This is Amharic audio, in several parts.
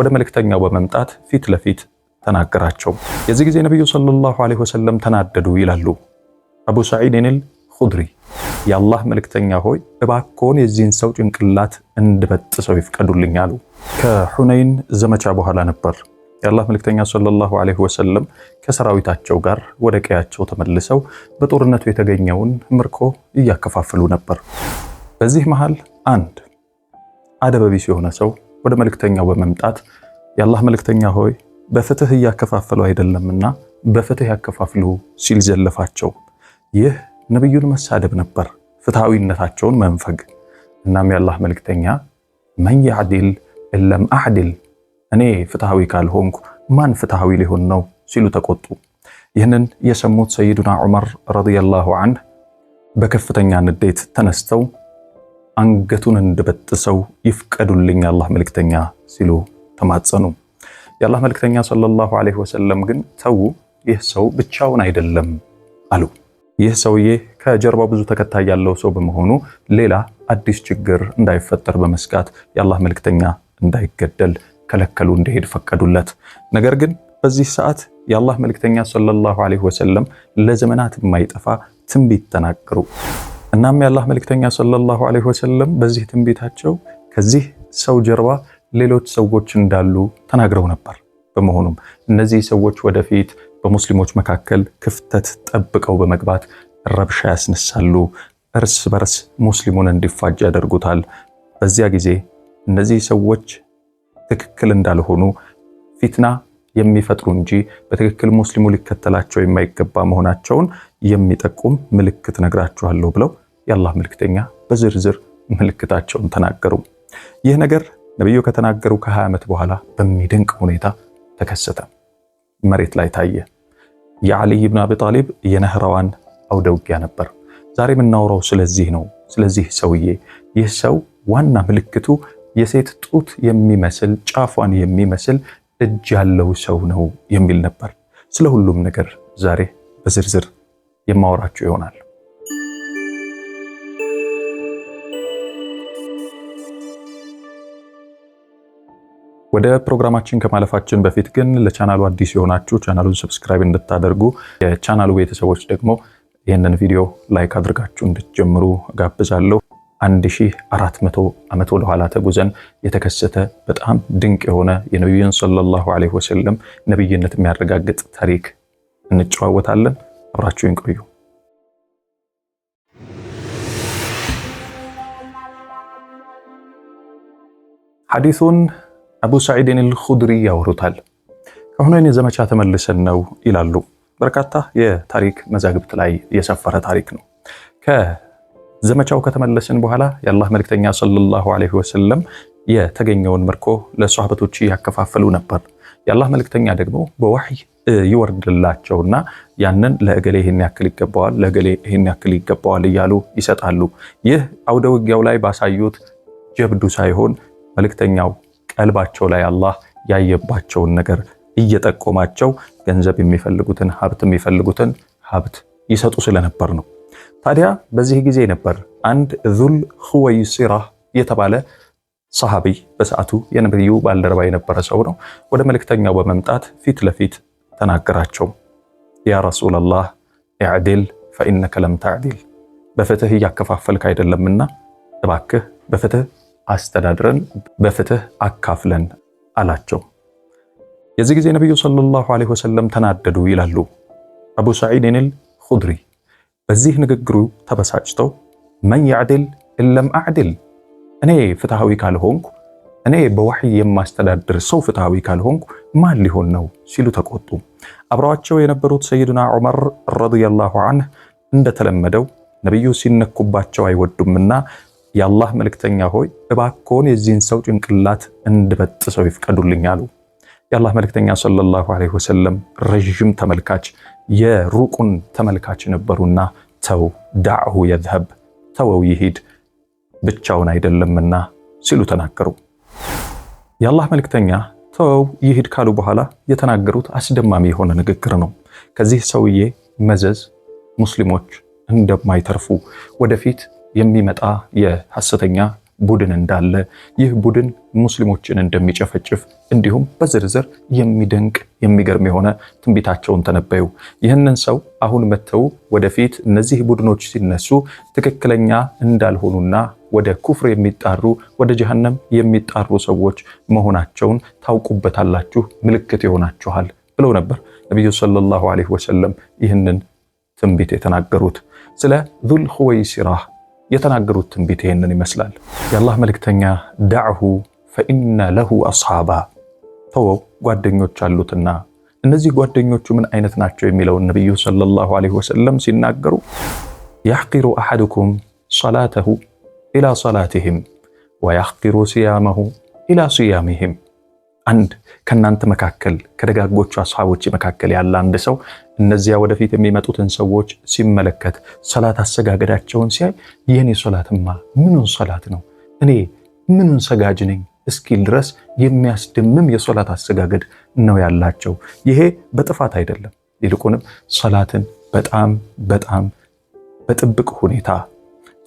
ወደ መልእክተኛው በመምጣት ፊት ለፊት ተናገራቸው። የዚህ ጊዜ ነቢዩ ሰለላሁ ዐለይሂ ወሰለም ተናደዱ ይላሉ አቡ ሰዒድን አልኹድሪ። የአላህ መልእክተኛ ሆይ እባክዎን የዚህን ሰው ጭንቅላት እንድበጥሰው ይፍቀዱልኝ አሉ። ከሑነይን ዘመቻ በኋላ ነበር የአላህ መልእክተኛ ሰለላሁ ዐለይሂ ወሰለም ከሰራዊታቸው ጋር ወደ ቀያቸው ተመልሰው በጦርነቱ የተገኘውን ምርኮ እያከፋፈሉ ነበር። በዚህ መሃል አንድ አደበቢስ የሆነ ሰው ወደ መልእክተኛው በመምጣት የአላህ መልክተኛ ሆይ በፍትህ እያከፋፈሉ አይደለምና በፍትህ ያከፋፍሉ ሲል ዘለፋቸው። ይህ ነቢዩን መሳደብ ነበር፣ ፍትሐዊነታቸውን መንፈግ። እናም የአላህ መልክተኛ መን ያዕዲል እለም አዕድል፣ እኔ ፍትሐዊ ካልሆንኩ ማን ፍትሐዊ ሊሆን ነው ሲሉ ተቆጡ። ይህንን የሰሙት ሰይዱና ዑመር ረዲየላሁ አንህ በከፍተኛ ንዴት ተነስተው አንገቱን እንድበጥሰው ይፍቀዱልኝ የአላህ መልክተኛ ሲሉ ተማጸኑ። የአላህ መልክተኛ ሰለላሁ ዐለይሂ ወሰለም ግን ተዉ፣ ይህ ሰው ብቻውን አይደለም አሉ። ይህ ሰውዬ ከጀርባው ብዙ ተከታይ ያለው ሰው በመሆኑ ሌላ አዲስ ችግር እንዳይፈጠር በመስጋት የአላህ መልክተኛ እንዳይገደል ከለከሉ፣ እንዲሄድ ፈቀዱለት። ነገር ግን በዚህ ሰዓት የአላህ መልክተኛ ሰለላሁ ዐለይሂ ወሰለም ለዘመናት የማይጠፋ ትንቢት ተናገሩ። እናም የአላህ መልእክተኛ ሰለላሁ ዐለይሂ ወሰለም በዚህ ትንቢታቸው ከዚህ ሰው ጀርባ ሌሎች ሰዎች እንዳሉ ተናግረው ነበር። በመሆኑም እነዚህ ሰዎች ወደፊት በሙስሊሞች መካከል ክፍተት ጠብቀው በመግባት ረብሻ ያስነሳሉ፣ እርስ በርስ ሙስሊሙን እንዲፋጅ ያደርጉታል። በዚያ ጊዜ እነዚህ ሰዎች ትክክል እንዳልሆኑ ፊትና የሚፈጥሩ እንጂ በትክክል ሙስሊሙ ሊከተላቸው የማይገባ መሆናቸውን የሚጠቁም ምልክት ነግራችኋለሁ ብለው የአላህ ምልክተኛ በዝርዝር ምልክታቸውን ተናገሩ። ይህ ነገር ነቢዩ ከተናገሩ ከ ከ20 ዓመት በኋላ በሚደንቅ ሁኔታ ተከሰተ፣ መሬት ላይ ታየ። የዓሊይ ብን አቢ ጣሊብ የነህራዋን አውደ ውጊያ ነበር። ዛሬ የምናወራው ስለዚህ ነው፣ ስለዚህ ሰውዬ። ይህ ሰው ዋና ምልክቱ የሴት ጡት የሚመስል ጫፏን የሚመስል እጅ ያለው ሰው ነው የሚል ነበር። ስለ ሁሉም ነገር ዛሬ በዝርዝር የማወራችሁ ይሆናል። ወደ ፕሮግራማችን ከማለፋችን በፊት ግን ለቻናሉ አዲስ የሆናችሁ ቻናሉን ሰብስክራይብ እንድታደርጉ የቻናሉ ቤተሰቦች ደግሞ ይህንን ቪዲዮ ላይክ አድርጋችሁ እንድትጀምሩ ጋብዛለሁ። 1400 ዓመት ወደኋላ ተጉዘን የተከሰተ በጣም ድንቅ የሆነ የነቢዩን ሰለላሁ ዐለይሂ ወሰለም ነቢይነት የሚያረጋግጥ ታሪክ እንጨዋወታለን። አብራችሁን ቆዩ። ሐዲሱን አቡ ሰዒድን አልኹድሪ ያወሩታል። ከሁነይን ዘመቻ ተመልሰን ነው ይላሉ። በርካታ የታሪክ መዛግብት ላይ የሰፈረ ታሪክ ነው። ከዘመቻው ከተመለስን በኋላ የአላህ መልክተኛ ሰለላሁ ዐለይሂ ወሰለም የተገኘውን ምርኮ ለሷህበቶች ያከፋፈሉ ነበር። የአላህ መልክተኛ ደግሞ በዋህይ ይወርድላቸውና ያንን ለእገሌ ይህን ያክል ይገባዋል፣ ለእገሌ ይህን ያክል ይገባዋል እያሉ ይሰጣሉ። ይህ አውደ ውጊያው ላይ ባሳዩት ጀብዱ ሳይሆን መልክተኛው ቀልባቸው ላይ አላህ ያየባቸውን ነገር እየጠቆማቸው ገንዘብ የሚፈልጉትን ሀብት የሚፈልጉትን ሀብት ይሰጡ ስለነበር ነው። ታዲያ በዚህ ጊዜ ነበር አንድ ዙል ኹወይሲራ የተባለ ሰሃቢ በሰዓቱ የነብዩ ባልደረባ የነበረ ሰው ነው። ወደ መልእክተኛው በመምጣት ፊት ለፊት ተናገራቸው። ያ ረሱላላህ ኢዕዲል ፈኢነከ ለም ተዕዲል፣ በፍትህ እያከፋፈልክ አይደለምና እባክህ በፍትህ አስተዳድረን በፍትህ አካፍለን አላቸው። የዚህ ጊዜ ነቢዩ ሰለላሁ ዐለይሂ ወሰለም ተናደዱ ይላሉ አቡ ሰዒድን አልኹድሪ። በዚህ ንግግሩ ተበሳጭተው መን ያዕድል እለም አዕድል፣ እኔ ፍትሃዊ ካልሆንኩ፣ እኔ በወሕይ የማስተዳድር ሰው ፍትሃዊ ካልሆንኩ ማን ሊሆን ነው ሲሉ ተቆጡ። አብረዋቸው የነበሩት ሰይድና ዑመር ረዲየላሁ ዐንህ እንደተለመደው ነቢዩ ሲነኩባቸው አይወዱምና የአላህ መልእክተኛ ሆይ እባክዎን የዚህን ሰው ጭንቅላት እንድበጥሰው ይፍቀዱልኝ አሉ። የአላህ መልእክተኛ ሰለላሁ ዐለይሂ ወሰለም ረዥም ተመልካች የሩቁን ተመልካች ነበሩና ተው ዳዕሁ የዝሀብ ተወው ይሂድ ብቻውን አይደለምና ሲሉ ተናገሩ። የአላህ መልእክተኛ ተወው ይሂድ ካሉ በኋላ የተናገሩት አስደማሚ የሆነ ንግግር ነው። ከዚህ ሰውዬ መዘዝ ሙስሊሞች እንደማይተርፉ ወደፊት የሚመጣ የሐሰተኛ ቡድን እንዳለ ይህ ቡድን ሙስሊሞችን እንደሚጨፈጭፍ እንዲሁም በዝርዝር የሚደንቅ የሚገርም የሆነ ትንቢታቸውን ተነበዩ። ይህንን ሰው አሁን መጥተው ወደፊት እነዚህ ቡድኖች ሲነሱ ትክክለኛ እንዳልሆኑና ወደ ኩፍር የሚጣሩ ወደ ጀሃነም የሚጣሩ ሰዎች መሆናቸውን ታውቁበታላችሁ፣ ምልክት ይሆናችኋል ብለው ነበር ነቢዩ ሰለላሁ ዐለይሂ ወሰለም ይህንን ትንቢት የተናገሩት ስለ ዙል ኹወይሲራህ የተናገሩት ትንቢት ይሄንን ይመስላል። የአላህ መልክተኛ ዳዕሁ ፈኢነ ለሁ አስሓባ፣ ተወው ጓደኞች አሉትና እነዚህ ጓደኞቹ ምን አይነት ናቸው የሚለውን ነቢዩ ሰለላሁ ዐለይሂ ወሰለም ሲናገሩ ያሕቂሩ አሐድኩም ሰላተሁ ኢላ ሰላትህም ወያሕቂሩ ስያመሁ ኢላ ስያምህም አንድ ከእናንተ መካከል ከደጋጎቹ አስሐቦች መካከል ያለ አንድ ሰው እነዚያ ወደፊት የሚመጡትን ሰዎች ሲመለከት ሰላት አሰጋገዳቸውን ሲያይ የእኔ ሶላትማ ምኑን ሶላት ነው? እኔ ምኑን ሰጋጅ ነኝ እስኪል ድረስ የሚያስደምም የሶላት አሰጋገድ ነው ያላቸው። ይሄ በጥፋት አይደለም። ይልቁንም ሰላትን በጣም በጣም በጥብቅ ሁኔታ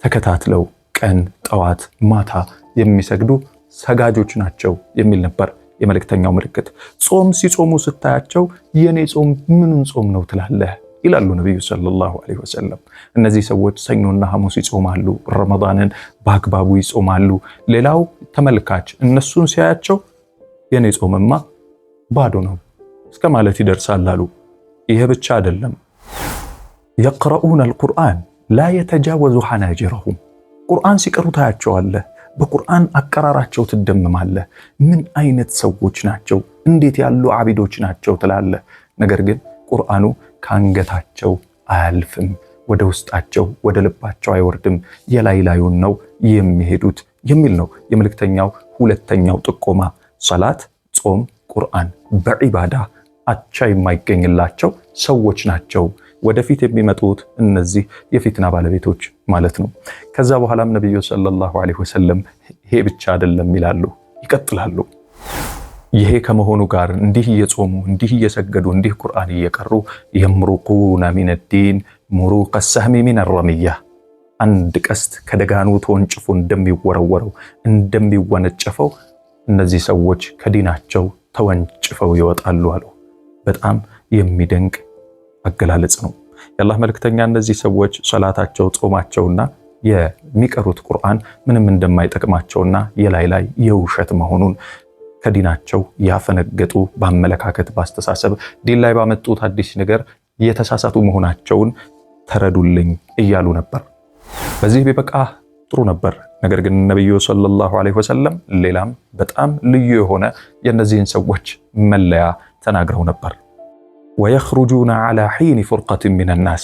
ተከታትለው ቀን፣ ጠዋት፣ ማታ የሚሰግዱ ሰጋጆች ናቸው የሚል ነበር የመልእክተኛው ምልክት። ጾም ሲጾሙ ስታያቸው የኔ ጾም ምኑን ጾም ነው ትላለህ ይላሉ ነቢዩ ሰለላሁ ዐለይሂ ወሰለም። እነዚህ ሰዎች ሰኞና ሐሙስ ይጾማሉ፣ ረመዳንን በአግባቡ ይጾማሉ። ሌላው ተመልካች እነሱን ሲያያቸው የኔ ጾምማ ባዶ ነው እስከ ማለት ይደርሳል አሉ። ይሄ ብቻ አይደለም፣ የቅረኡን አልቁርአን ላ የተጃወዙ ሐናጅረሁም ቁርአን ሲቀሩ ታያቸዋለህ በቁርአን አቀራራቸው ትደምማለህ። ምን አይነት ሰዎች ናቸው? እንዴት ያሉ አቢዶች ናቸው ትላለህ። ነገር ግን ቁርአኑ ከአንገታቸው አያልፍም፣ ወደ ውስጣቸው ወደ ልባቸው አይወርድም፣ የላይ ላዩን ነው የሚሄዱት የሚል ነው የመልክተኛው ሁለተኛው ጥቆማ። ሰላት፣ ጾም፣ ቁርአን በዒባዳ አቻ የማይገኝላቸው ሰዎች ናቸው። ወደፊት የሚመጡት እነዚህ የፊትና ባለቤቶች ማለት ነው። ከዛ በኋላም ነቢዩ ሰለላሁ ዐለይሂ ወሰለም ይሄ ብቻ አይደለም ይላሉ፣ ይቀጥላሉ። ይሄ ከመሆኑ ጋር እንዲህ እየጾሙ እንዲህ እየሰገዱ እንዲህ ቁርአን እየቀሩ የምሩቁነ ሚነዲን ሙሩቀ ሰህሚ ሚን ረሚያ አንድ ቀስት ከደጋኑ ተወንጭፎ እንደሚወረወረው እንደሚወነጨፈው እነዚህ ሰዎች ከዲናቸው ተወንጭፈው ይወጣሉ አሉ። በጣም የሚደንቅ አገላለጽ ነው። የአላህ መልክተኛ እነዚህ ሰዎች ሰላታቸው፣ ጾማቸውና የሚቀሩት ቁርአን ምንም እንደማይጠቅማቸውና የላይ ላይ የውሸት መሆኑን ከዲናቸው ያፈነገጡ በአመለካከት በአስተሳሰብ ዲን ላይ ባመጡት አዲስ ነገር የተሳሳቱ መሆናቸውን ተረዱልኝ እያሉ ነበር። በዚህ ቢበቃ ጥሩ ነበር። ነገር ግን ነቢዩ ሰለላሁ ዐለይሂ ወሰለም ሌላም በጣም ልዩ የሆነ የእነዚህን ሰዎች መለያ ተናግረው ነበር። ወየኽሩጁና ዓላ ሒኒ ፉርቀትን ሚነናስ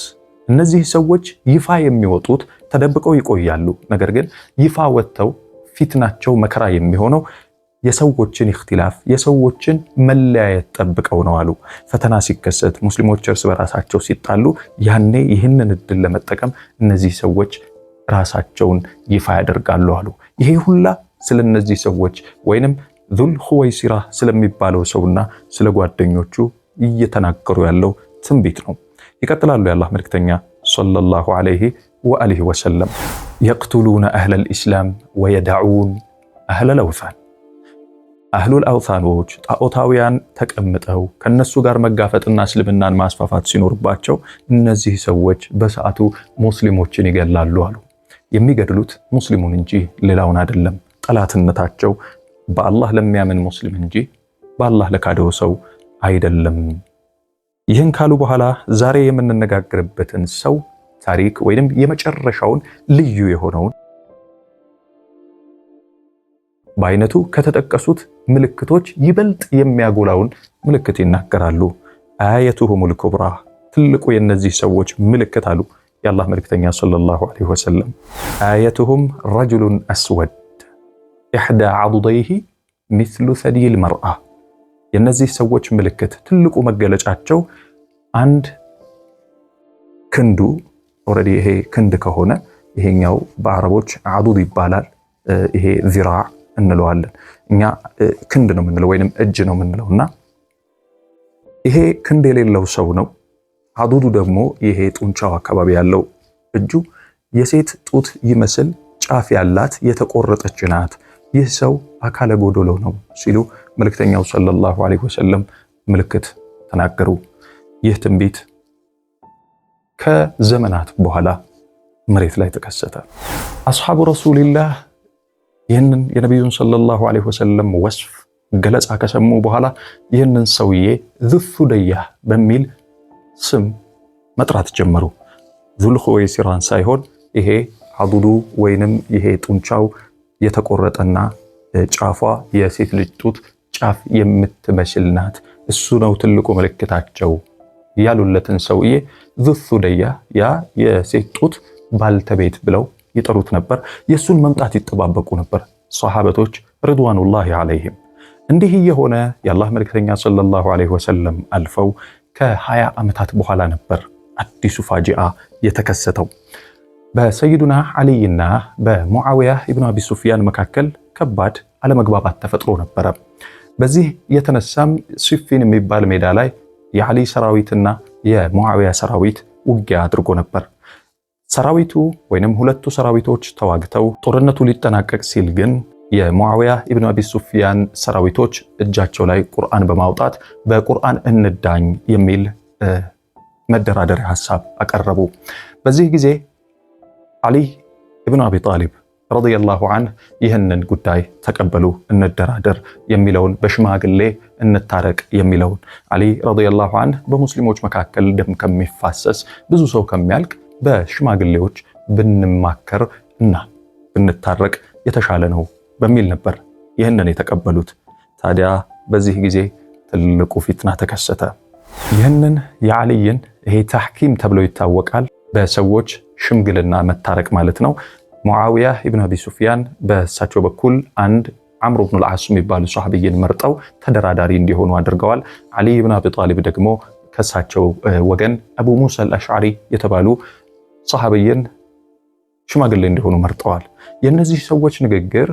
እነዚህ ሰዎች ይፋ የሚወጡት ተደብቀው ይቆያሉ። ነገር ግን ይፋ ወጥተው ፊትናቸው መከራ የሚሆነው የሰዎችን እክትላፍ የሰዎችን መለያየት ጠብቀው ነው አሉ። ፈተና ሲከሰት ሙስሊሞች እርስ በራሳቸው ሲጣሉ፣ ያኔ ይህንን እድል ለመጠቀም እነዚህ ሰዎች ራሳቸውን ይፋ ያደርጋሉ አሉ። ይሄ ሁላ ስለ እነዚህ ሰዎች ወይንም ዙል ኹወይሲራ ስለሚባለው ሰውና ስለ ጓደኞቹ እየተናገሩ ያለው ትንቢት ነው። ይቀጥላሉ የአላህ መልክተኛ ሰለላሁ ዐለይሂ ወአሊሂ ወሰለም የቅቱሉነ አህለል ኢስላም ወየዳዑን አህለል አውሳን አህሉል አውሳኖች ጣዖታውያን ተቀምጠው ከነሱ ጋር መጋፈጥና እስልምናን ማስፋፋት ሲኖርባቸው እነዚህ ሰዎች በሰዓቱ ሙስሊሞችን ይገላሉ አሉ። የሚገድሉት ሙስሊሙን እንጂ ሌላውን አይደለም። ጠላትነታቸው በአላህ ለሚያምን ሙስሊም እንጂ በአላህ ለካደው ሰው አይደለም። ይህን ካሉ በኋላ ዛሬ የምንነጋገርበትን ሰው ታሪክ ወይም የመጨረሻውን ልዩ የሆነውን በአይነቱ ከተጠቀሱት ምልክቶች ይበልጥ የሚያጎላውን ምልክት ይናገራሉ። አያየቱሁሙል ኩብራ ትልቁ የእነዚህ ሰዎች ምልክት አሉ የአላህ መልክተኛ ሰለላሁ ዐለይሂ ወሰለም። አያቱሁም ረጁሉን አስወድ ኢሕዳ ዓዱደይሂ ሚስሉ ሰዲል መርአ የእነዚህ ሰዎች ምልክት ትልቁ መገለጫቸው አንድ ክንዱ ኦልሬዲ ይሄ ክንድ ከሆነ ይሄኛው በአረቦች አዱድ ይባላል። ይሄ ዚራ እንለዋለን እኛ ክንድ ነው የምንለው ወይንም እጅ ነው የምንለው እና ይሄ ክንድ የሌለው ሰው ነው። አዱዱ ደግሞ ይሄ ጡንቻው አካባቢ ያለው እጁ የሴት ጡት ይመስል ጫፍ ያላት የተቆረጠች ናት። ይህ ሰው አካለ ጎዶሎ ነው ሲሉ መልእክተኛው ሰለላሁ ዐለይሂ ወሰለም ምልክት ተናገሩ። ይህ ትንቢት ከዘመናት በኋላ መሬት ላይ ተከሰተ። አስሓቡ ረሱሊላህ ይህንን የነቢዩን ሰለላሁ ዐለይሂ ወሰለም ወስፍ ገለጻ ከሰሙ በኋላ ይህንን ሰውዬ ዙሱደያህ በሚል ስም መጥራት ጀመሩ። ዙልኹወይሲራን ሳይሆን ይሄ አቡዱ ወይንም ይሄ ጡንቻው የተቆረጠና ጫፏ የሴት ልጅ ጡት ጫፍ የምትመስል ናት፣ እሱ ነው ትልቁ ምልክታቸው ያሉለትን ሰውዬ ዙሱ ያ የሴት ጡት ባልተቤት ብለው ይጠሩት ነበር። የእሱን መምጣት ይጠባበቁ ነበር ሰሃበቶች ርድዋኑላሂ አለይህም እንዲህ እየሆነ የአላህ መልክተኛ ሰለላሁ ዐለይሂ ወሰለም አልፈው ከሀያ ዓመታት በኋላ ነበር አዲሱ ፋጂአ የተከሰተው። በሰይዱና አልይና በሙዓዊያ ኢብኑ አቢ ሱፊያን መካከል ከባድ አለመግባባት ተፈጥሮ ነበረ። በዚህ የተነሳም ሲፊን የሚባል ሜዳ ላይ የዓሊ ሰራዊትና የሙዓዊያ ሰራዊት ውጊያ አድርጎ ነበር። ሰራዊቱ ወይንም ሁለቱ ሰራዊቶች ተዋግተው ጦርነቱ ሊጠናቀቅ ሲል ግን የሙዓዊያ ኢብኑ አቢ ሱፊያን ሰራዊቶች እጃቸው ላይ ቁርአን በማውጣት በቁርአን እንዳኝ የሚል መደራደሪያ ሀሳብ አቀረቡ። በዚህ ጊዜ ዓሊ ኢብኑ አቢ ጣሊብ ረዲየላሁ አንህ ይህንን ጉዳይ ተቀበሉ፣ እንደራደር የሚለውን በሽማግሌ እንታረቅ የሚለውን አሊ ረዲየላሁ አንህ በሙስሊሞች መካከል ደም ከሚፋሰስ ብዙ ሰው ከሚያልቅ በሽማግሌዎች ብንማከር እና ብንታረቅ የተሻለ ነው በሚል ነበር ይህንን የተቀበሉት። ታዲያ በዚህ ጊዜ ትልቁ ፊትና ተከሰተ። ይህንን የአልይን ይሄ ታሕኪም ተብሎ ይታወቃል። በሰዎች ሽምግልና መታረቅ ማለት ነው። ሙዓዊያ ኢብን አቢ ሱፊያን በእሳቸው በኩል አንድ አምሮ ብኑ ልዓስ የሚባሉ ሶሓብይን መርጠው ተደራዳሪ እንዲሆኑ አድርገዋል። አሊ ብን አቢ ጣሊብ ደግሞ ከእሳቸው ወገን አቡ ሙሳ አልአሽዓሪ የተባሉ ሶሐብይን ሽማግሌ እንዲሆኑ መርጠዋል። የነዚህ ሰዎች ንግግር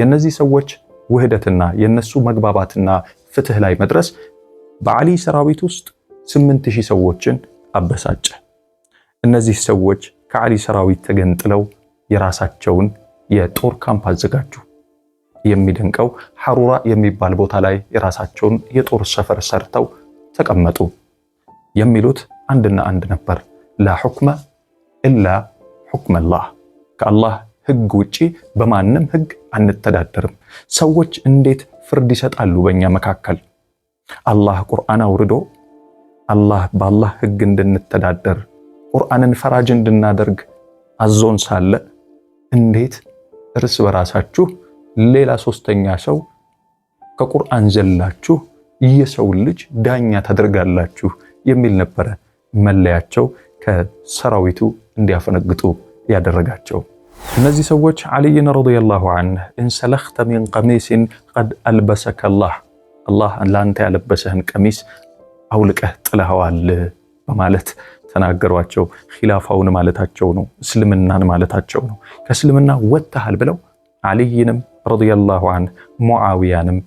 የነዚህ ሰዎች ውህደትና የነሱ መግባባትና ፍትህ ላይ መድረስ በአሊ ሰራዊት ውስጥ ስምንት ሺህ ሰዎችን አበሳጨ። እነዚህ ሰዎች ከአሊ ሰራዊት ተገንጥለው የራሳቸውን የጦር ካምፕ አዘጋጁ። የሚደንቀው ሐሩራ የሚባል ቦታ ላይ የራሳቸውን የጦር ሰፈር ሰርተው ተቀመጡ። የሚሉት አንድና አንድ ነበር፣ ላ ሑክመ ኢላ ሑክመላህ። ከአላህ ህግ ውጪ በማንም ህግ አንተዳደርም። ሰዎች እንዴት ፍርድ ይሰጣሉ በእኛ መካከል? አላህ ቁርአን አውርዶ አላህ በአላህ ህግ እንድንተዳደር ቁርአንን ፈራጅ እንድናደርግ አዞን ሳለ እንዴት እርስ በራሳችሁ ሌላ ሶስተኛ ሰው ከቁርአን ዘላችሁ የሰው ልጅ ዳኛ ታደርጋላችሁ የሚል ነበረ መለያቸው ከሰራዊቱ እንዲያፈነግጡ ያደረጋቸው። እነዚህ ሰዎች አልይን ረዲየላሁ አንህ እንሰለክተ ሚን ቀሚሲን ቀድ አልበሰከ አላህ አላህ ለአንተ ያለበሰህን ቀሚስ አውልቀህ ጥለኸዋል በማለት ተናገሯቸው። ኪላፋውን ማለታቸው ነው፣ እስልምናን ማለታቸው ነው። ከእስልምና ወጥተሃል ብለው አልይንም ረዲየላሁ አንህ ሙዓዊያንም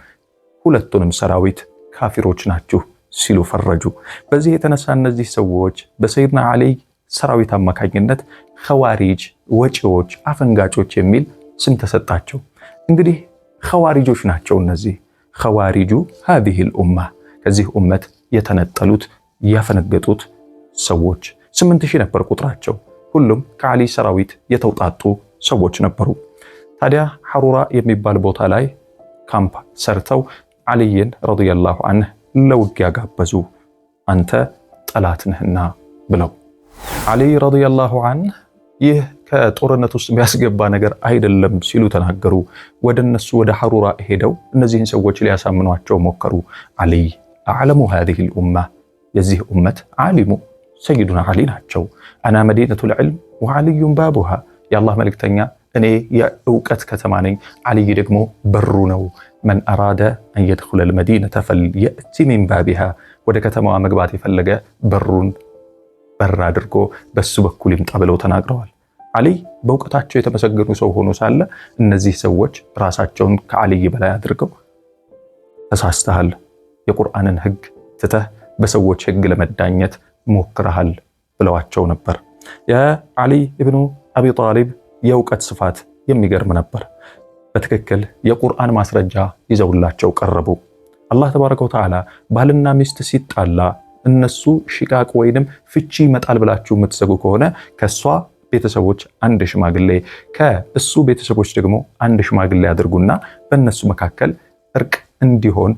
ሁለቱንም ሰራዊት ካፊሮች ናችሁ ሲሉ ፈረጁ። በዚህ የተነሳ እነዚህ ሰዎች በሰይድና አልይ ሰራዊት አማካኝነት ኸዋሪጅ፣ ወጪዎች፣ አፈንጋጮች የሚል ስም ተሰጣቸው። እንግዲህ ኸዋሪጆች ናቸው እነዚህ ኸዋሪጁ ሀዚሂል ልኡማ ከዚህ ኡመት የተነጠሉት ያፈነገጡት ሰዎች ስምንት ሺህ ነበር ቁጥራቸው። ሁሉም ከዓሊ ሰራዊት የተውጣጡ ሰዎች ነበሩ። ታዲያ ሐሩራ የሚባል ቦታ ላይ ካምፕ ሰርተው አልይን ረዲየላሁ አንህ ለውጊያ ጋበዙ። አንተ ጠላት ነህና ብለው ዓሊ ረዲየላሁ አንህ ይህ ከጦርነት ውስጥ የሚያስገባ ነገር አይደለም ሲሉ ተናገሩ። ወደ እነሱ ወደ ሐሩራ ሄደው እነዚህን ሰዎች ሊያሳምኗቸው ሞከሩ። አልይ አዕለሙ ሃዚሂል ኡማ የዚህ ኡመት አሊሙ ሰይዱና ዓሊ ናቸው። አና መዲነቱል ዒልም ወዓልዩን ባቡሃ። የአላህ መልእክተኛ እኔ የእውቀት ከተማ ነኝ፣ ዓልይ ደግሞ በሩ ነው። መን አራደ አን የድኹለል መዲነተ ፈልየእቲ ሚን ባቢሃ። ወደ ከተማዋ መግባት የፈለገ በሩን በር አድርጎ በሱ በኩል ይምጣ ብለው ተናግረዋል። ዓሊይ በእውቀታቸው የተመሰገኑ ሰው ሆኖ ሳለ እነዚህ ሰዎች ራሳቸውን ከዓሊይ በላይ አድርገው ተሳስተሃል፣ የቁርአንን ህግ ትተህ በሰዎች ሕግ ለመዳኘት ሞክረሃል ብለዋቸው ነበር። የዓሊ ኢብኑ አቢ ጣሊብ የእውቀት ስፋት የሚገርም ነበር። በትክክል የቁርአን ማስረጃ ይዘውላቸው ቀረቡ። አላህ ተባረከ ወተዓላ ባልና ሚስት ሲጣላ እነሱ ሽቃቅ ወይንም ፍቺ ይመጣል ብላችሁ የምትሰጉ ከሆነ ከእሷ ቤተሰቦች አንድ ሽማግሌ ከእሱ ቤተሰቦች ደግሞ አንድ ሽማግሌ አድርጉና በእነሱ መካከል እርቅ እንዲሆን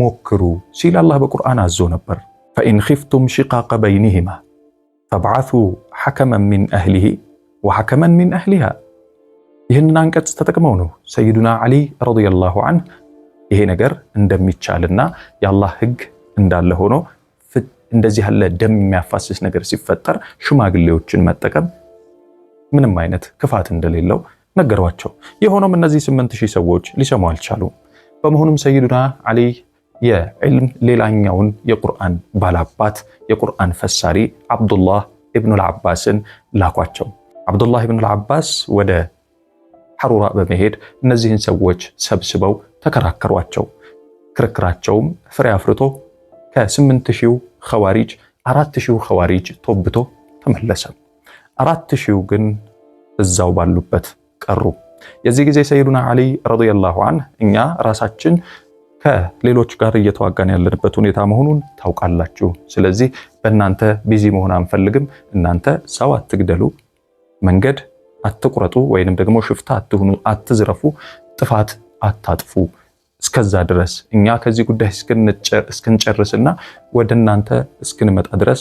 ሞክሩ ሲል አላህ በቁርአን አዞ ነበር። ፈኢን ኺፍቱም ሽቃቀ በይኒሂማ ፈብዓሱ ሐከመን ሚን አህሊሂ ወሐከመን ሚን አህሊሃ። ይህንን አንቀጽ ተጠቅመው ነው ሰይዱና ዓሊ ረዲየላሁ አንህ ይሄ ነገር እንደሚቻልና የአላህ ህግ እንዳለ ሆኖ እንደዚህ ያለ ደም የሚያፋስስ ነገር ሲፈጠር ሽማግሌዎችን መጠቀም ምንም አይነት ክፋት እንደሌለው ነገሯቸው። የሆኖም እነዚህ ስምንት ሺህ ሰዎች ሊሰሙ አልቻሉም። በመሆኑም ሰይዱና ዓሊ የዕልም ሌላኛውን የቁርአን ባላባት የቁርአን ፈሳሪ አብዱላህ ኢብኑል አባስን ላኳቸው። አብዱላህ ኢብኑል አባስ ወደ ሐሩራ በመሄድ እነዚህን ሰዎች ሰብስበው ተከራከሯቸው። ክርክራቸውም ፍሬ አፍርቶ ከስምንት ሺው ኸዋሪጅ አራት ሺው ኸዋሪጅ ተወብቶ ተመለሰ። አራት ሺው ግን እዛው ባሉበት ቀሩ። የዚህ ጊዜ ሰይዱና ዓሊ ረዲየላሁ አንህ እኛ ራሳችን ከሌሎች ጋር እየተዋጋን ያለንበት ሁኔታ መሆኑን ታውቃላችሁ። ስለዚህ በእናንተ ቢዚ መሆን አንፈልግም። እናንተ ሰው አትግደሉ፣ መንገድ አትቁረጡ፣ ወይንም ደግሞ ሽፍታ አትሁኑ፣ አትዝረፉ፣ ጥፋት አታጥፉ። እስከዛ ድረስ እኛ ከዚህ ጉዳይ እስክንጨርስና ወደ እናንተ እስክንመጣ ድረስ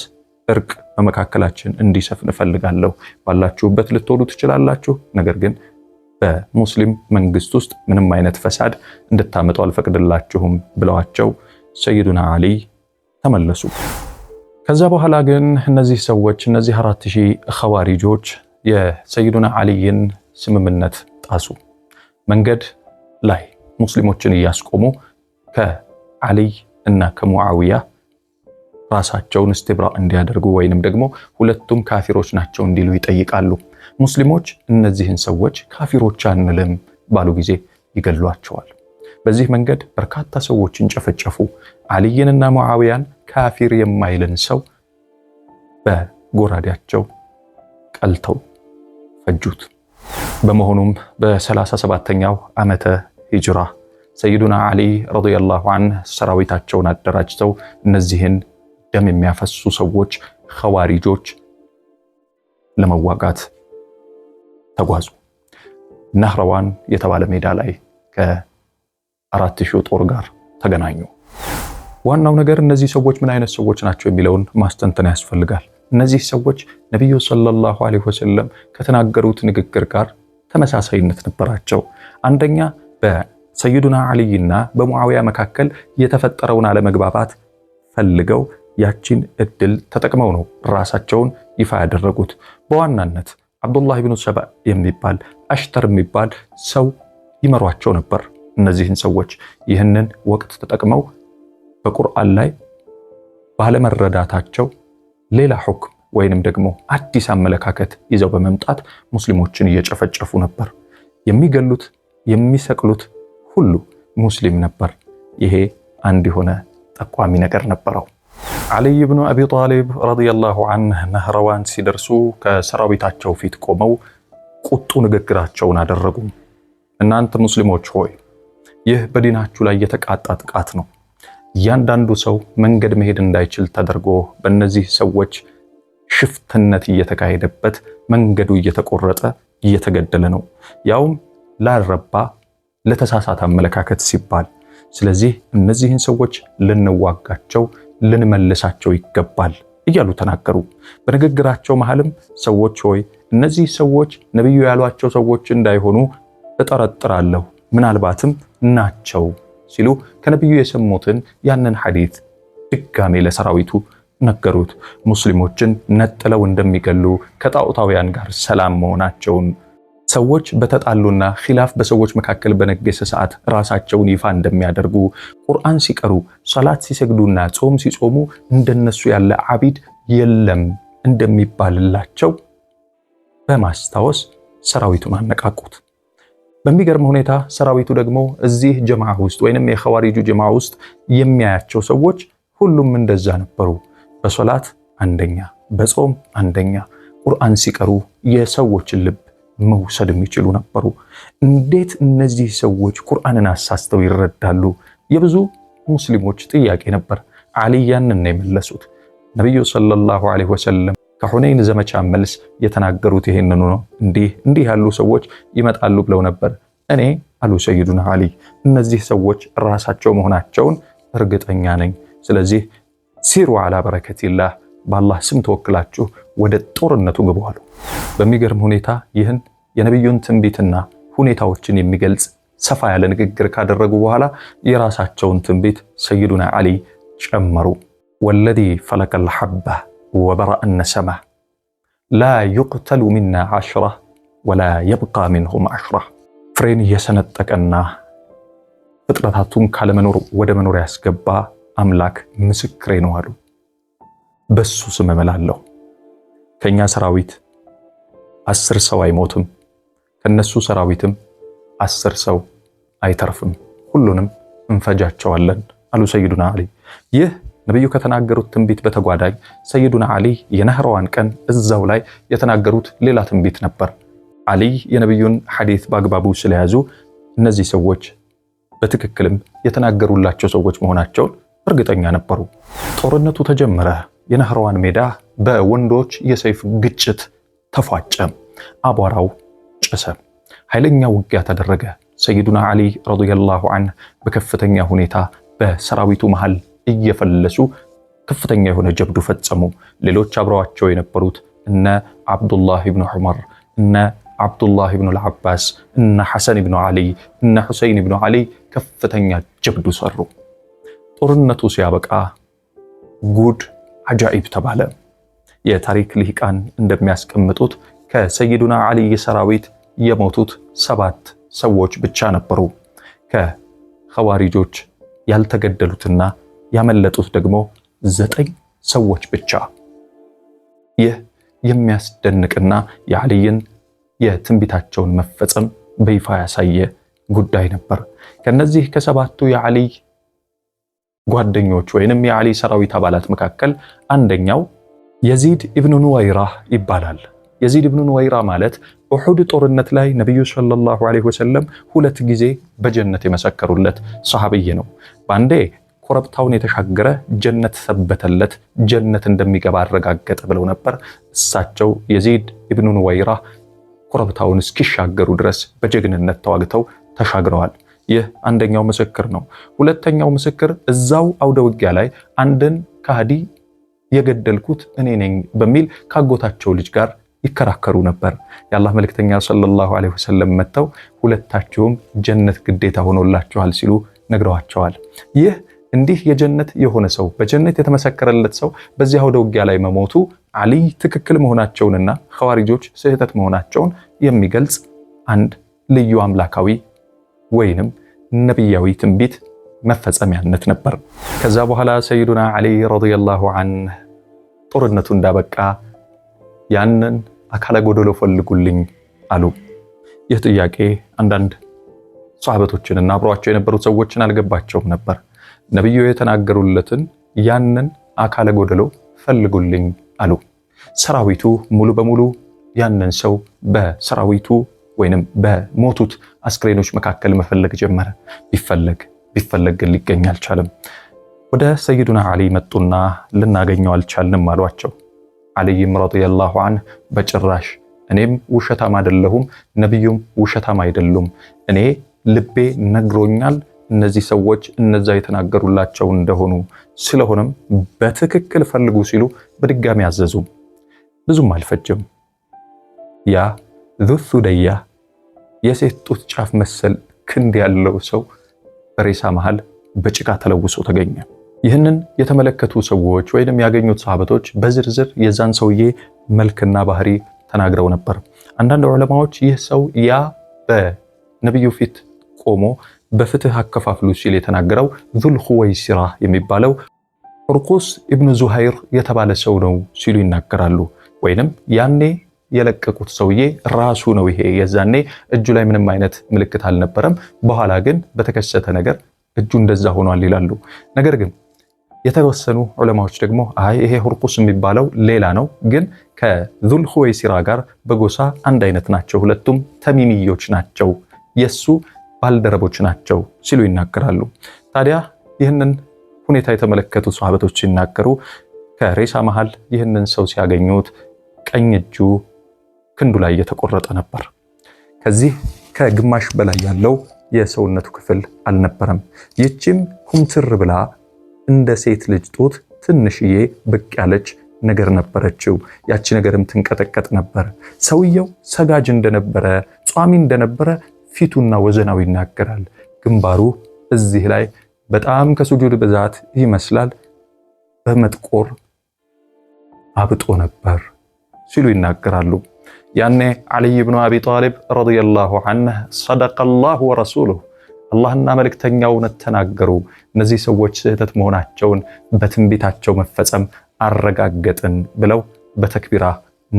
እርቅ በመካከላችን እንዲሰፍን እፈልጋለሁ። ባላችሁበት ልትወዱ ትችላላችሁ፣ ነገር ግን በሙስሊም መንግስት ውስጥ ምንም አይነት ፈሳድ እንድታመጡ አልፈቅድላችሁም ብለዋቸው ሰይዱና አሊ ተመለሱ። ከዛ በኋላ ግን እነዚህ ሰዎች እነዚህ አራት ሺህ ኸዋሪጆች የሰይዱና አሊይን ስምምነት ጣሱ። መንገድ ላይ ሙስሊሞችን እያስቆሙ ከአሊይ እና ከሙዓዊያ ራሳቸውን እስትብራ እንዲያደርጉ ወይንም ደግሞ ሁለቱም ካፊሮች ናቸው እንዲሉ ይጠይቃሉ። ሙስሊሞች እነዚህን ሰዎች ካፊሮች አንልም ባሉ ጊዜ ይገሏቸዋል። በዚህ መንገድ በርካታ ሰዎችን ጨፈጨፉ። አልይንና ሙዓዊያን ካፊር የማይልን ሰው በጎራዴያቸው ቀልተው ፈጁት። በመሆኑም በ37ኛው ዓመተ ሂጅራ ሰይዱና ዓሊ ረዲየላሁ አንህ ሰራዊታቸውን አደራጅተው እነዚህን ደም የሚያፈሱ ሰዎች ኸዋሪጆች ለመዋጋት ተጓዙ። ናህረዋን የተባለ ሜዳ ላይ ከአራት ሺህ ጦር ጋር ተገናኙ። ዋናው ነገር እነዚህ ሰዎች ምን አይነት ሰዎች ናቸው የሚለውን ማስተንተን ያስፈልጋል። እነዚህ ሰዎች ነቢዩ ሰለላሁ ዐለይሂ ወሰለም ከተናገሩት ንግግር ጋር ተመሳሳይነት ነበራቸው። አንደኛ በሰይዱና አልይና በሙዓዊያ መካከል የተፈጠረውን አለመግባባት ፈልገው ያቺን እድል ተጠቅመው ነው ራሳቸውን ይፋ ያደረጉት በዋናነት አብዱላህ ብኑ ሰባ የሚባል አሽተር የሚባል ሰው ይመሯቸው ነበር። እነዚህን ሰዎች ይህንን ወቅት ተጠቅመው በቁርአን ላይ ባለመረዳታቸው ሌላ ሁክም ወይንም ደግሞ አዲስ አመለካከት ይዘው በመምጣት ሙስሊሞችን እየጨፈጨፉ ነበር። የሚገሉት የሚሰቅሉት ሁሉ ሙስሊም ነበር። ይሄ አንድ የሆነ ጠቋሚ ነገር ነበረው። አልይ ብኑ አቢ ጣሊብ ረዲየላሁ አንህ ነህረዋን ሲደርሱ ከሰራዊታቸው ፊት ቆመው ቁጡ ንግግራቸውን አደረጉ። እናንተ ሙስሊሞች ሆይ ይህ በዲናችሁ ላይ የተቃጣ ጥቃት ነው። እያንዳንዱ ሰው መንገድ መሄድ እንዳይችል ተደርጎ በእነዚህ ሰዎች ሽፍትነት እየተካሄደበት መንገዱ እየተቆረጠ እየተገደለ ነው፣ ያውም ላልረባ ለተሳሳት አመለካከት ሲባል። ስለዚህ እነዚህን ሰዎች ልንዋጋቸው ልንመልሳቸው ይገባል እያሉ ተናገሩ። በንግግራቸው መሃልም ሰዎች ሆይ እነዚህ ሰዎች ነቢዩ ያሏቸው ሰዎች እንዳይሆኑ እጠረጥራለሁ፣ ምናልባትም ናቸው ሲሉ ከነቢዩ የሰሙትን ያንን ሐዲት ድጋሜ ለሰራዊቱ ነገሩት። ሙስሊሞችን ነጥለው እንደሚገሉ ከጣዖታውያን ጋር ሰላም መሆናቸውን ሰዎች በተጣሉና ኺላፍ በሰዎች መካከል በነገሰ ሰዓት ራሳቸውን ይፋ እንደሚያደርጉ፣ ቁርአን ሲቀሩ፣ ሰላት ሲሰግዱና ጾም ሲጾሙ እንደነሱ ያለ አቢድ የለም እንደሚባልላቸው በማስታወስ ሰራዊቱን አነቃቁት። በሚገርም ሁኔታ ሰራዊቱ ደግሞ እዚህ ጀማዓ ውስጥ ወይንም የኸዋሪጁ ጀማዓ ውስጥ የሚያያቸው ሰዎች ሁሉም እንደዛ ነበሩ። በሶላት አንደኛ፣ በጾም አንደኛ፣ ቁርአን ሲቀሩ የሰዎችን ልብ መውሰድ የሚችሉ ነበሩ። እንዴት እነዚህ ሰዎች ቁርአንን አሳስተው ይረዳሉ? የብዙ ሙስሊሞች ጥያቄ ነበር። ዓሊ ያንን ነው የመለሱት። ነቢዩ ሰለላሁ ዐለይሂ ወሰለም ከሁነይን ዘመቻ መልስ የተናገሩት ይሄንኑ ነው። እንዲህ እንዲህ ያሉ ሰዎች ይመጣሉ ብለው ነበር። እኔ አሉ ሰይዱና አሊ እነዚህ ሰዎች ራሳቸው መሆናቸውን እርግጠኛ ነኝ። ስለዚህ ሲሩ አላ በረከቲላህ በአላህ ስም ተወክላችሁ ወደ ጦርነቱ ግቡ አሉ። በሚገርም ሁኔታ ይህን የነቢዩን ትንቢትና ሁኔታዎችን የሚገልጽ ሰፋ ያለ ንግግር ካደረጉ በኋላ የራሳቸውን ትንቢት ሰይዱና አሊ ጨመሩ። ወለዚ ፈለቀል ሐበ ወበረአነ ሰማ ላ ዩቅተሉ ሚና ዓሽራ ወላ የብቃ ሚንሁም ዓሽራ። ፍሬን እየሰነጠቀና ፍጥረታቱን ካለመኖር ወደ መኖር ያስገባ አምላክ ምስክሬ ነው አሉ። በሱ ስም እምላለሁ። ከኛ ሰራዊት አስር ሰው አይሞትም፣ ከነሱ ሰራዊትም አስር ሰው አይተርፍም፣ ሁሉንም እንፈጃቸዋለን አሉ ሰይዱና አሊ። ይህ ነቢዩ ከተናገሩት ትንቢት በተጓዳኝ ሰይዱና አሊ የነህረዋን ቀን እዛው ላይ የተናገሩት ሌላ ትንቢት ነበር። አሊ የነቢዩን ሐዲት በአግባቡ ስለያዙ እነዚህ ሰዎች በትክክልም የተናገሩላቸው ሰዎች መሆናቸውን እርግጠኛ ነበሩ። ጦርነቱ ተጀመረ። የነህራዋን ሜዳ በወንዶች የሰይፍ ግጭት ተፏጨ፣ አቧራው ጭሰ፣ ኃይለኛ ውጊያ ተደረገ። ሰይዱና ዓሊ ረዲየላሁ አንህ በከፍተኛ ሁኔታ በሰራዊቱ መሃል እየፈለሱ ከፍተኛ የሆነ ጀብዱ ፈጸሙ። ሌሎች አብረዋቸው የነበሩት እነ አብዱላህ ብኑ ዑመር እነ አብዱላህ ብኑ ልዓባስ እነ ሐሰን ብኑ ዓሊ እነ ሑሰይን ብኑ ዓሊ ከፍተኛ ጀብዱ ሰሩ። ጦርነቱ ሲያበቃ ጉድ አጃኢብ ተባለ። የታሪክ ልሂቃን እንደሚያስቀምጡት ከሰይዱና ዓሊይ ሰራዊት የሞቱት ሰባት ሰዎች ብቻ ነበሩ። ከኸዋሪጆች ያልተገደሉትና ያመለጡት ደግሞ ዘጠኝ ሰዎች ብቻ። ይህ የሚያስደንቅና የዓሊይን የትንቢታቸውን መፈጸም በይፋ ያሳየ ጉዳይ ነበር። ከነዚህ ከሰባቱ የዓሊይ ጓደኞች ወይንም የአሊ ሰራዊት አባላት መካከል አንደኛው የዚድ ኢብኑ ኑወይራ ይባላል። የዚድ ኢብኑ ኑወይራ ማለት ኡሑድ ጦርነት ላይ ነቢዩ ሰለላሁ ዐለይሂ ወሰለም ሁለት ጊዜ በጀነት የመሰከሩለት ሰሐብይ ነው። በአንዴ ኮረብታውን የተሻገረ ጀነት ሰበተለት፣ ጀነት እንደሚገባ አረጋገጠ ብለው ነበር። እሳቸው የዚድ ኢብኑ ኑወይራ ኮረብታውን እስኪሻገሩ ድረስ በጀግንነት ተዋግተው ተሻግረዋል። ይህ አንደኛው ምስክር ነው። ሁለተኛው ምስክር እዛው አውደ ውጊያ ላይ አንድን ከሃዲ የገደልኩት እኔ ነኝ በሚል ካጎታቸው ልጅ ጋር ይከራከሩ ነበር። የአላህ መልእክተኛ ሰለላሁ ዐለይሂ ወሰለም መጥተው ሁለታችሁም ጀነት ግዴታ ሆኖላችኋል ሲሉ ነግረዋቸዋል። ይህ እንዲህ የጀነት የሆነ ሰው በጀነት የተመሰከረለት ሰው በዚህ አውደ ውጊያ ላይ መሞቱ አሊይ ትክክል መሆናቸውንና ኸዋሪጆች ስህተት መሆናቸውን የሚገልጽ አንድ ልዩ አምላካዊ ወይንም ነቢያዊ ትንቢት መፈጸሚያነት ነበር። ከዛ በኋላ ሰይዱና ዓሊ ረዲየላሁ አንህ ጦርነቱ እንዳበቃ ያንን አካለ ጎደሎ ፈልጉልኝ አሉ። ይህ ጥያቄ አንዳንድ ሰሃበቶችንና አብሯቸው የነበሩት ሰዎችን አልገባቸውም ነበር። ነቢዩ የተናገሩለትን ያንን አካለ ጎደሎ ፈልጉልኝ አሉ። ሰራዊቱ ሙሉ በሙሉ ያንን ሰው በሰራዊቱ ወይንም በሞቱት አስክሬኖች መካከል መፈለግ ጀመረ። ቢፈለግ ቢፈለግ ግን ሊገኝ አልቻለም። ወደ ሰይዱና ዓሊ መጡና ልናገኘው አልቻልንም አሏቸው። አልይም ረዲየላሁ አንህ በጭራሽ እኔም ውሸታም አይደለሁም፣ ነቢዩም ውሸታም አይደሉም። እኔ ልቤ ነግሮኛል እነዚህ ሰዎች እነዛ የተናገሩላቸው እንደሆኑ። ስለሆነም በትክክል ፈልጉ ሲሉ በድጋሚ አዘዙ። ብዙም አልፈጀም። ያ ዙሱደያ የሴት ጡት ጫፍ መሰል ክንድ ያለው ሰው በሬሳ መሃል በጭቃ ተለውሶ ተገኘ። ይህንን የተመለከቱ ሰዎች ወይም ያገኙት ሰሃበቶች በዝርዝር የዛን ሰውዬ መልክና ባህሪ ተናግረው ነበር። አንዳንድ ዑለማዎች ይህ ሰው ያ በነቢዩ ፊት ቆሞ በፍትህ አከፋፍሉ ሲል የተናገረው ዙል የሚባለው ርቁስ ኢብኑ ዙሃይር የተባለ ሰው ነው ሲሉ ይናገራሉ። ወይንም ያኔ የለቀቁት ሰውዬ ራሱ ነው። ይሄ የዛኔ እጁ ላይ ምንም አይነት ምልክት አልነበረም። በኋላ ግን በተከሰተ ነገር እጁ እንደዛ ሆኗል ይላሉ። ነገር ግን የተወሰኑ ዑለማዎች ደግሞ አይ ይሄ ሁርቁስ የሚባለው ሌላ ነው፣ ግን ከዙልኹወይሲራ ጋር በጎሳ አንድ አይነት ናቸው፣ ሁለቱም ተሚሚዮች ናቸው፣ የሱ ባልደረቦች ናቸው ሲሉ ይናገራሉ። ታዲያ ይህንን ሁኔታ የተመለከቱ ሰሃበቶች ሲናገሩ ከሬሳ መሃል ይህንን ሰው ሲያገኙት ቀኝ እጁ ክንዱ ላይ የተቆረጠ ነበር። ከዚህ ከግማሽ በላይ ያለው የሰውነቱ ክፍል አልነበረም። ይቺም ኩምትር ብላ እንደ ሴት ልጅ ጡት ትንሽዬ ብቅ ያለች ነገር ነበረችው። ያቺ ነገርም ትንቀጠቀጥ ነበር። ሰውየው ሰጋጅ እንደነበረ ጿሚ እንደነበረ ፊቱና ወዘናው ይናገራል። ግንባሩ እዚህ ላይ በጣም ከሱጁድ ብዛት ይመስላል በመጥቆር አብጦ ነበር ሲሉ ይናገራሉ። ያኔ አልይ ብኑ አቢ ጣሊብ ረዲየላሁ አንህ ሰደቀላሁ ወረሱሉሁ አላህና መልእክተኛው እውነት ተናገሩ፣ እነዚህ ሰዎች ስህተት መሆናቸውን በትንቢታቸው መፈጸም አረጋገጥን ብለው በተክቢራ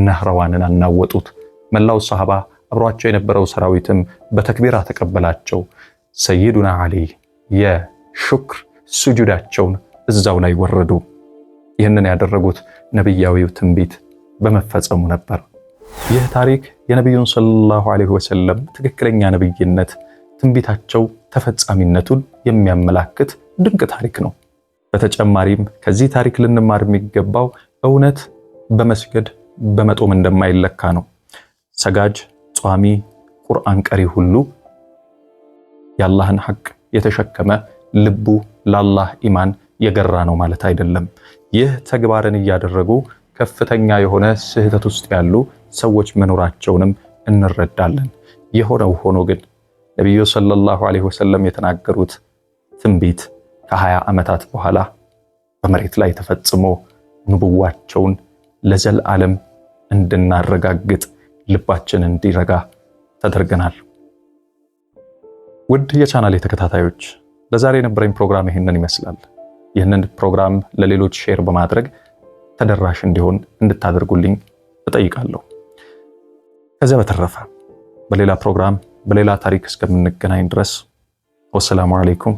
ነህረዋንን አናወጡት። መላው ሰሃባ አብሯቸው የነበረው ሰራዊትም በተክቢራ ተቀበላቸው። ሰይዱና አሊይ የሹክር ስጁዳቸውን እዛው ላይ ወረዱ። ይህንን ያደረጉት ነቢያዊው ትንቢት በመፈጸሙ ነበር። ይህ ታሪክ የነቢዩን ሰለላሁ ዐለይሂ ወሰለም ትክክለኛ ነብይነት፣ ትንቢታቸው ተፈጻሚነቱን የሚያመላክት ድንቅ ታሪክ ነው። በተጨማሪም ከዚህ ታሪክ ልንማር የሚገባው እውነት በመስገድ በመጦም እንደማይለካ ነው። ሰጋጅ፣ ጿሚ፣ ቁርአን ቀሪ ሁሉ የአላህን ሐቅ የተሸከመ ልቡ ለአላህ ኢማን የገራ ነው ማለት አይደለም። ይህ ተግባርን እያደረጉ ከፍተኛ የሆነ ስህተት ውስጥ ያሉ ሰዎች መኖራቸውንም እንረዳለን። የሆነው ሆኖ ግን ነቢዩ ሰለላሁ ዐለይሂ ወሰለም የተናገሩት ትንቢት ከሀያ ዓመታት በኋላ በመሬት ላይ ተፈጽሞ ንቡዋቸውን ለዘላለም እንድናረጋግጥ ልባችን እንዲረጋ ተደርገናል። ውድ የቻናሌ ተከታታዮች ለዛሬ የነበረኝ ፕሮግራም ይህንን ይመስላል። ይህንን ፕሮግራም ለሌሎች ሼር በማድረግ ተደራሽ እንዲሆን እንድታደርጉልኝ እጠይቃለሁ። ከዚያ በተረፈ በሌላ ፕሮግራም በሌላ ታሪክ እስከምንገናኝ ድረስ ወሰላሙ አሌይኩም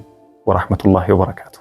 ወራህመቱላሂ ወበረካቱ።